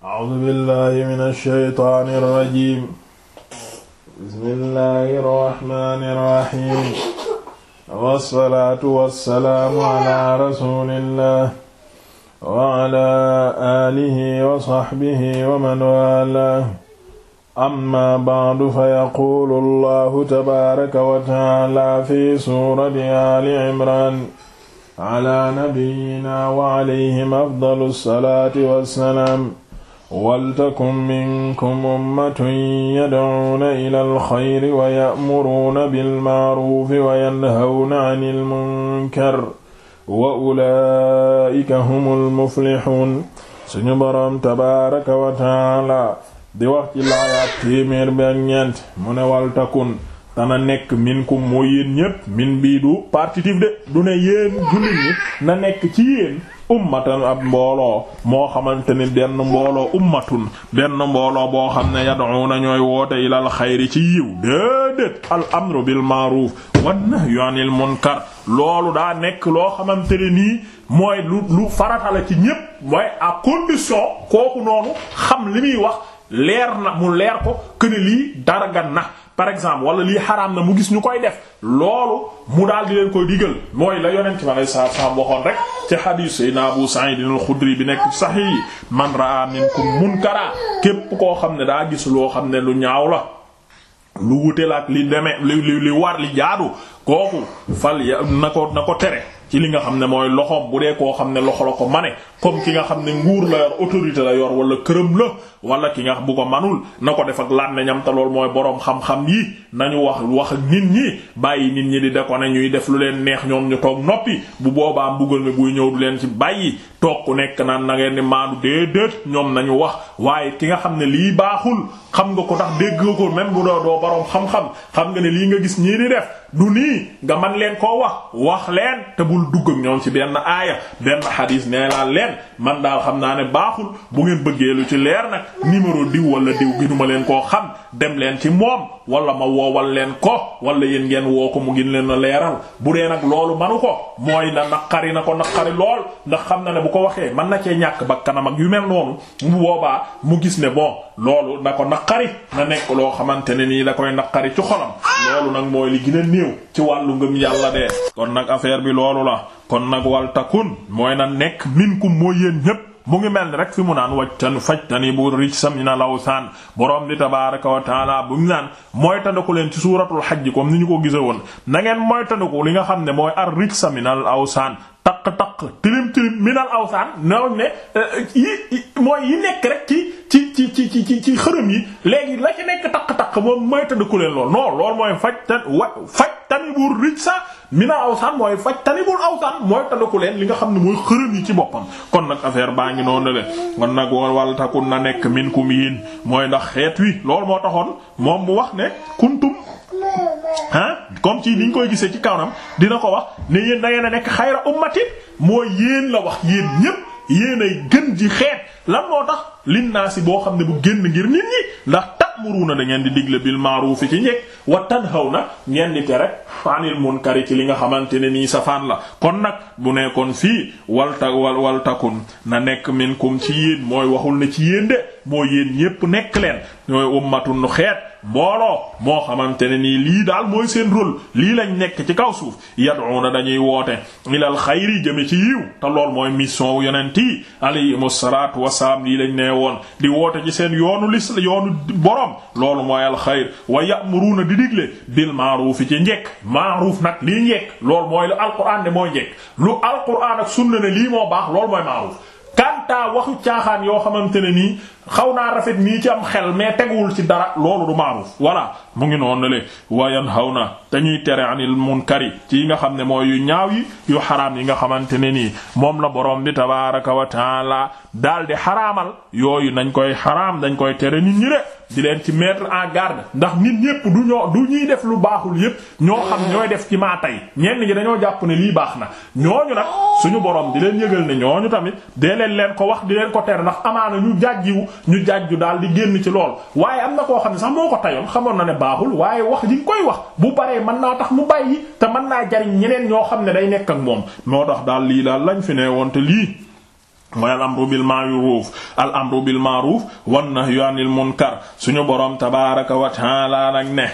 A'uuzu billaahi mina shaytaani rajiim. Bismillaahi rahmaani rahiim. Wassalaatu wassalaamu alaa rasuulillaah wa alaa aalihi wa sahbihi wa man waalaah. Ammaa ba'du fayaquulu Allaahu tabaaraka wa ta'aalaa fi suurati Aali Imraan alaa nabiyyinaa wa alayhim afdalu salaati wassalaam. waltakun minkum ummatun yad'uuna ila alxayri wa ya'muruuna bilma'ruufi wa yanhawna 'anil munkar wa ulaa'ika humul muflixuun suñu boroom tabaaraka wa ta'aala di wax ci laayaat téeméer bi ak ñeent mu ne waltakun dana nekk minkum mooy yéen ñépp min bii du partitif de du ne yéen jullit ñi na nekk ci yéen ummatan ab mbooloo moo xamante ni benn mbooloo ummatun benn mbooloo boo xam ne yad'una ñooy woote ilal xayri ci yiw déedéet al amru bil ma'ruf wan nahyu munkar loolu daa nekk loo xamante ne nii mooy lu lu farata ci ñépp mooy à condition kooku noonu xam li muy wax leer na mu leer ko këne lii daragan na par exemple wala lii xaraam na mu gis ñu koy def loolu mu daal di leen koy digal mooy la yonent ma lay saa saam waxoon rek ci xadiis Seydina Abu Sa'id al-Xudri bi nekk saxi yi man raa minkum képp koo xam ne daa gis loo xam ne lu ñaaw la lu wute la ak li demee li li war li jaadu kooku fal ya na ko na ko tere ci li nga xam ne mooy loxoom bu dee koo xam ne loxo la ko mane comme ki nga xam ne nguur la yor autorité la yor wala këram la wala ki nga bu ko manul na ko def ak làmmiñam te loolu mooy boroom xam-xam yi nañu wax wax nit ñi bàyyi nit ñi di de ko ne ñuy def lu leen neex ñoom ñu toog noppi bu boobaa mbugal mi buy ñëw du leen ci bàyyi toog ku nekk naan na ngeen di maandu déedéet ñoom nañu wax waaye ki nga xam ne lii baaxul xam nga ko tax dégg nga ko même bu doo doo boroom xam-xam xam nga ne lii nga gis ñii di def du nii nga man leen koo wax wax leen te bul dugg ñoom ci benn aaya benn xadiis nee naa leen man daal xam naa ne baaxul bu ngeen bëggee lu ci leer nag numéro diw wala diw gi leen koo xam dem leen ci moom wala ma woowal leen ko wala yéen ngeen woo ko mu gin leen a leeral bu dee nag loolu manu ko ko waxee man na cee ñàkk ba kanam ak yu mel noonu mu boobaa mu gis ne bon loolu na ko naqari na nekk loo xamante ne nii da koy naqari ci xolam loolu nag mooy li gën a néew ci wàllu ngëm yàlla de kon nag affaire bi loolu la kon nag wal takun mooy na nekk minkum mooy yéen ñépp mu ngi mel ni rek fi mu naan wajtan fajtani bu rij samina lawsaan borom di tabaaraka wa taala bu ñu naan mooy tandaku leen ci suuratul xajj koom ni ñu ko gise woon nangeen ngeen mooy tandaku li nga xam ne mooy ar rij samina lawsaan taq-taq tilim tilim minal awsaan nawoñ ne eh, yi mooy yi nekk rek ci ci ci ci ci ci ci xërëm yi léegi la ci nekk taq-taq moom mooy tëddaku leen lool non loolu mooy faj wa faj tani bur rij sa minal awsaan mooy faj tani bur awsaan mooy tëddaku leen li nga xam ne mooy xërëm yi ci boppam kon nag affaire baa ngi noonu le kon nag woon wàll takun na nekk min kum yiin mooy ndax xeet wi lool moo taxoon moom bu wax ne kuntum ah comme ci liñ koy gisee ci kanam dina ko wax ne yéen da ngeen a nekk xayra ummatin mooy yéen la wax yéen ñépp yéen ay gën ji xeet lan moo tax lin si boo xam ne bu génn ngir nit ñi ndax ta'muruna da ngeen di digle bil ma'ruf ci njekk wa na ngeen di tere anil munkari ci li nga xamante ne nii safaan la kon nag bu nekkoon fii walta wal walta waltakun na nekk minkum ci yéen mooy waxul ne ci yéen de mooy yéen ñépp nekk leen ñooy ummatun xeet mbooloo moo xamante ne nii lii daal mooy seen rôle lii lañ nekk ci kaw suuf yad'una dañuy woote ilal xayri jëme ci yiw te lool mooy mission wu yonent yi alayhimu salaatu wasalaam lii lañ nee woon di woote ci seen yoonu lis yoonu borom loolu mooy al xayr wa ya'muruna di digle bil ma'ruf ci njekk ma'ruf nag lii njekk loolu mooy lu alquran ne mooy njekk lu alquran ak sunna ne lii moo baax loolu mooy ma'ruf kanta waxu caaxaan yoo xamante ne nii xaw naa rafet nii ci am xel mais tegul ci dara loolu du maaruf voilà mu ngi noonu le wayan xaw na te ñuy tere anil ci yi nga xam ne mooy ñaaw yi yu xaraam yi nga xamante ne nii moom la borom bi tabaraka wa taala daal di xaraamal yooyu nañ koy xaraam dañ koy tere nit ñi di leen ci mettre en garde ndax nit ñépp du ñoo du ñuy def lu baaxul yépp ñoo xam ñooy def ci maa tey ñenn ñi dañoo jàpp ne lii baax na ñooñu nag suñu borom di leen yëgal ne ñooñu tamit dee leen leen ko wax di leen ko tere ndax amaana ñu jàjjiwu ñu jàjju daal di génn ci lool waaye am na koo xam ne sax moo ko tayoon xamoon na ne baaxul waaye wax ji koy wax bu baree mën naa tax mu bàyyi te mën naa jariñ ñeneen ñoo xam ne day nekk ak moom moo tax daal lii daal lañ fi ne lii mooy al amru bil ma'ruf al amru bil ma'ruf wan nahyu anil munkar suñu borom tabaaraka wa ta'ala nag ne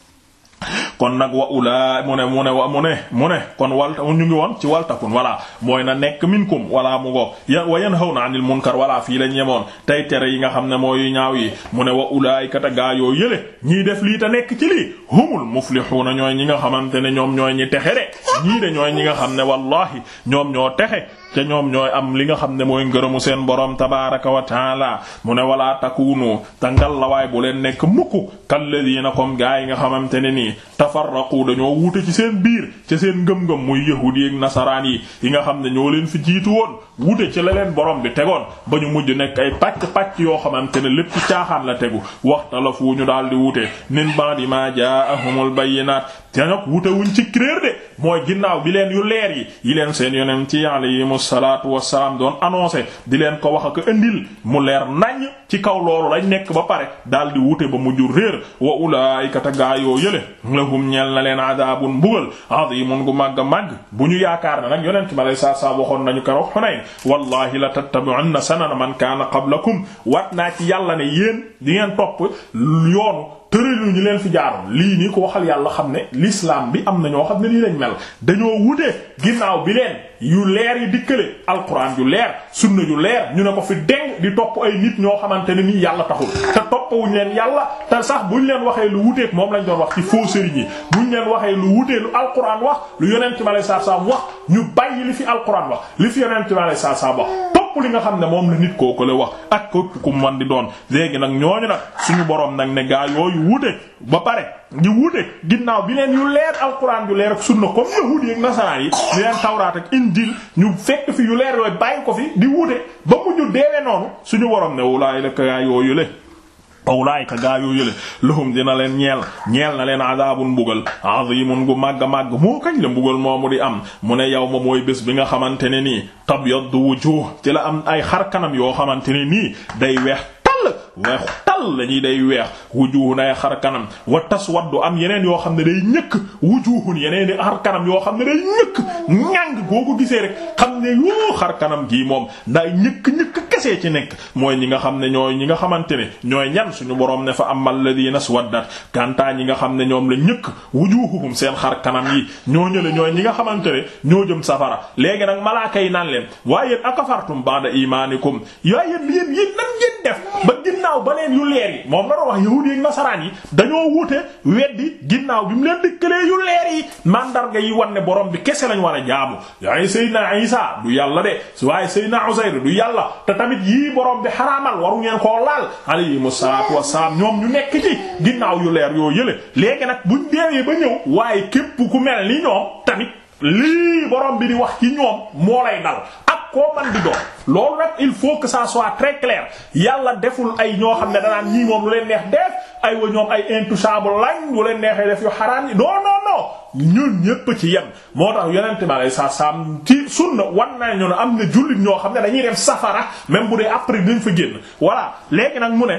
kon nag wa ulaa mu ne mu ne kon walta ñu ngi woon ci walta waltakun voilà mooy na nekk minkum wala mu ngo ya wa yanhawna anil munkar voilà fii lañ yemoon tey tere yi nga xam ne mooy ñaaw yi mu ne wa ulaayika ta gaa yële ñii def lii ta nekk ci lii humul muflihuna ñooy ñi nga xamante ne ñoom ñooy ñi texe de ñii de ñooy ñi nga xam ne wallahi ñoom ñoo texe te ñoom ñooy am li nga xam ne mooy ngërëmu seen borom tabaaraka wa taala mu ne walaa takunu te ngal lawaay bu leen nekk mukk kalladiina comme gaa yi nga xamante ne nii tafarraqu dañoo wuute ci seen biir ci seen ngëm-ngëm muy yahudi ak nasaraan yi yi nga xam ne ñoo leen fi jiitu woon wuute ci la leen borom bi tegoon ba ñu mujj nekk ay pàcc-pàcc yoo xamante ne lépp ci caaxaan la tegu waxtalafu ñu daal di wuute min ba'di ma jaa'ahumul bayyinaat te nag wute wuñ ci créer de mooy ginnaaw bi leen yu leer yi yi leen seen yonent yi alayhimu salaatu wassalaam doon annoncé di leen ko wax ak indil mu leer nañ ci kaw loolu lañ nekk ba pare daal di wute ba mu jur réer wa ulaayika te gaa yoo yële lahum ñeel na leen adaabun mbugal azimun gu màgg a màgg bu ñu yaakaar ne nag yonent ma lay saa saa waxoon nañu keroog Hunayn wallahi la tattabi'unna sanana man kaana qablakum waat naa ci yàlla ne yéen di ngeen topp yoonu tëralu ñu leen fi jaaroon lii nii ko waxal yàlla xam ne lislaam bi am na ñoo xam ne lii lañ mel dañoo wute ginnaaw bi leen yu leer yi dikkale alquran yu leer sunna yu leer ñu ne ko fi deng di topp ay nit ñoo xamante ne nii yàlla taxul te toppawuñ leen yàlla te sax buñ leen waxee lu wuteek moom lañ doon wax ci faux sëriñ yi buñ leen waxee lu wutee lu alquran wax lu yonent ci sallallahu alayhi wasallam wax ñu bàyyi li fi alquran wax li fi yonent bi sallallahu alayhi topp li nga xam ne moom la nit koo ko la wax ak képp ku man di doon léegi nag ñooñu nag suñu borom nag ne gaa yooyu wute ba pare di wute ginnaaw bi leen yu leer alquran yu leer ak sunna comme yahuud yi ak nasaraan yi di leen tawraat ak injil ñu fekk fi yu leer yooyu bàyyi ko fi di wute ba ñu deewee noonu suñu borom ne wulaay la gaa yooyu le awlaayka gaa yoo yële lahum dina leen ñeel ñeel na leen adaabun mbugal azimun gu màgg màgg moo kañ la moo moomu di am mu ne yow ma mooy bés bi nga xamante ne nii tabyaddu wujuh ci la am ay xar kanam yoo xamante ne nii day weex tàll weexu tal la ñuy day weex wujuhun ay xar kanam wa taswaddu am yeneen yoo xam ne day ñëkk wujuhun yeneen i xar kanam yoo xam ne day ñëkk ñàng boo ko rek xam ne xar kanam gii moom day ñëkk ñëkk kese ci nekk mooy ñi nga xam ne ñooy ñi nga xamante ne ñooy ñan suñu borom ne fa amal ladina swaddat kantaa ñi nga xam ne ñoom la ñëkk wujuhuhum seen xar kanam yi ñoo ñële ñooy ñi nga xamante ne ñoo jëm safara léegi nag malaaka yi naan leen waaye yéen akafartum ba'da imaanikum waaye yéen yéen nan ngeen def ginnaaw ba leen yu leer yi moom la doon wax yahuudi nasaraan yi dañoo wuute weddi ginnaaw bi mu leen dëkkalee yu leer yi màndarga yi wan ne borom bi kese lañ war a jaamu waaye Seydina Isa du yàlla de waaye Seydina Usayr du yàlla te tamit yii borom bi xaraamal waru ngeen koo laal alayhimu salaatu wassalaam ñoom ñu nekk ci ginnaaw yu leer yoo yële léegi nag buñ deewee ba ñëw waaye képp ku mel ni ñoom tamit lii borom bi di wax ci ñoom moo lay dal koo man di doon loolu nag il faut que ça soit très clair yàlla deful ay ñoo xam ne danaan ñii moom lu leen neex def ay wa ñoom ay intouchable lañ lu leen neexee def yu xaraan yi non non non ñun ñépp ci yem moo tax yonente bi alei saatu salaam ci sunna wan na ñu ne am na jullit ñoo xam ne dañuy dem safara même bu dee après dañ fi génn voilà léegi nag mu ne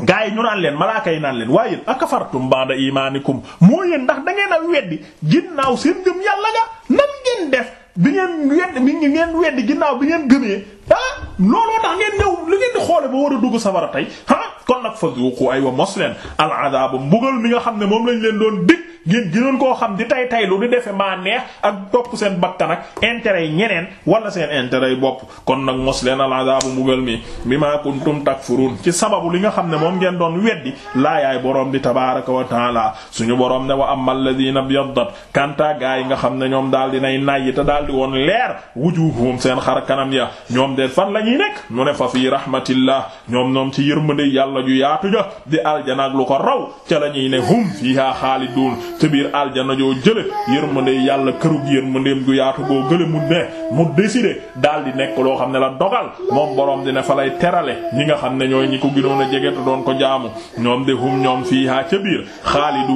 gaa yi ñu naan leen malaaka yi naan leen waaye akafartum ba'da imaanikum moo yéen ndax da ngeen a weddi ginnaaw seen ngëm yàlla ga nan ngeen def bi ngeen wedd mi ngi ngeen wedd ginnaaw bi ngeen gëmee ah looloo tax ngeen ñëw li ngeen di xoole ba war a dugg safara tey ah kon nag fa duuqu ay wa mos leen al adaaba mbugal mi nga xam ne moom lañ leen doon dig ngeen gënoon koo xam di tay tay lu di defe maa neex ak topp seen bakkan ak intérêt yi ñeneen wala seen intérêt yi bopp kon nag mos leen al azabu mbugal mi bima kuntum takfurun ci sababu li nga xam ne moom ngeen doon weddi laayaay borom bi tabaraka wa taala suñu borom ne wa amal ladina biyaddat kanta gaa yi nga xam ne ñoom daal dinay nay te daal di woon leer wujuhum seen xar kanam ya ñoom de fan la ñuy nekk mu ne fa fii rahmatillah ñoom ñoom ci yërmande yàlla ju yaatu ja di aljana ak ko raw ca la ñuy ne hum fiha xaalidun ca biir aljana joo jële yërmande yàlla kërug yërmandeem gu yaatu goo gële mu ne mu décidé daal di nekk loo xam ne la dogal moom borom dina fa lay terale ñi nga xam ne ñooy ñi ko gënoon a jege te doon ko jaamu ñoom de hum ñoom fiihaa ca biir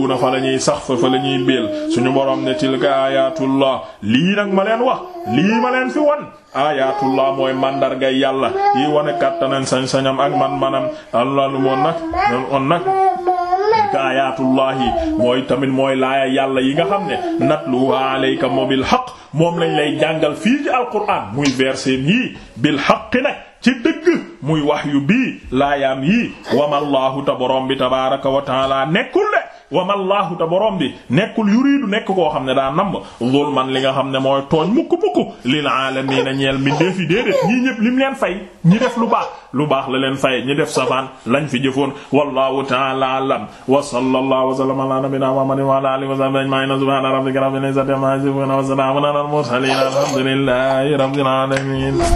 na fa la ñuy sax fa fa la ñuy béel suñu borom ne tilka ayatullah lii nag ma leen wax lii ma leen fi won ayatullah mooy màndarga yàlla yi wane kàttanan sañ ak man-manam allah lu moon nag on nag tilka ayatullahi mooy tamit mooy laaya yàlla yi nga xam ne natluha alayka bil haqq moom lañ lay jàngal fii ci alquran muy verset yi bil haqq nag ci dëgg muy wax yu bii laayaam yii wama allahu ta borom bi wa taala nekkul de wa mallaahu te borom bi nekkul yuriidu nekk koo xam ne daa namm zulman li nga xam ne mooy tooñ mukk mukk lil aalamiina ñeel mi defi déedéet ñii ñëpp lim leen fay ñi def lu baax lu baax la leen fay ñi def safaan lañ fi jëfoon wallahu ta'ala a'lam wa sallallahu wa sallama ala nabiyyina muhammadin wa ala alihi wa sahbihi ajma'in na rabbika rabbil izzati amma yasifun wa salamun ala al mursalin alhamdulillahi rabbil alamin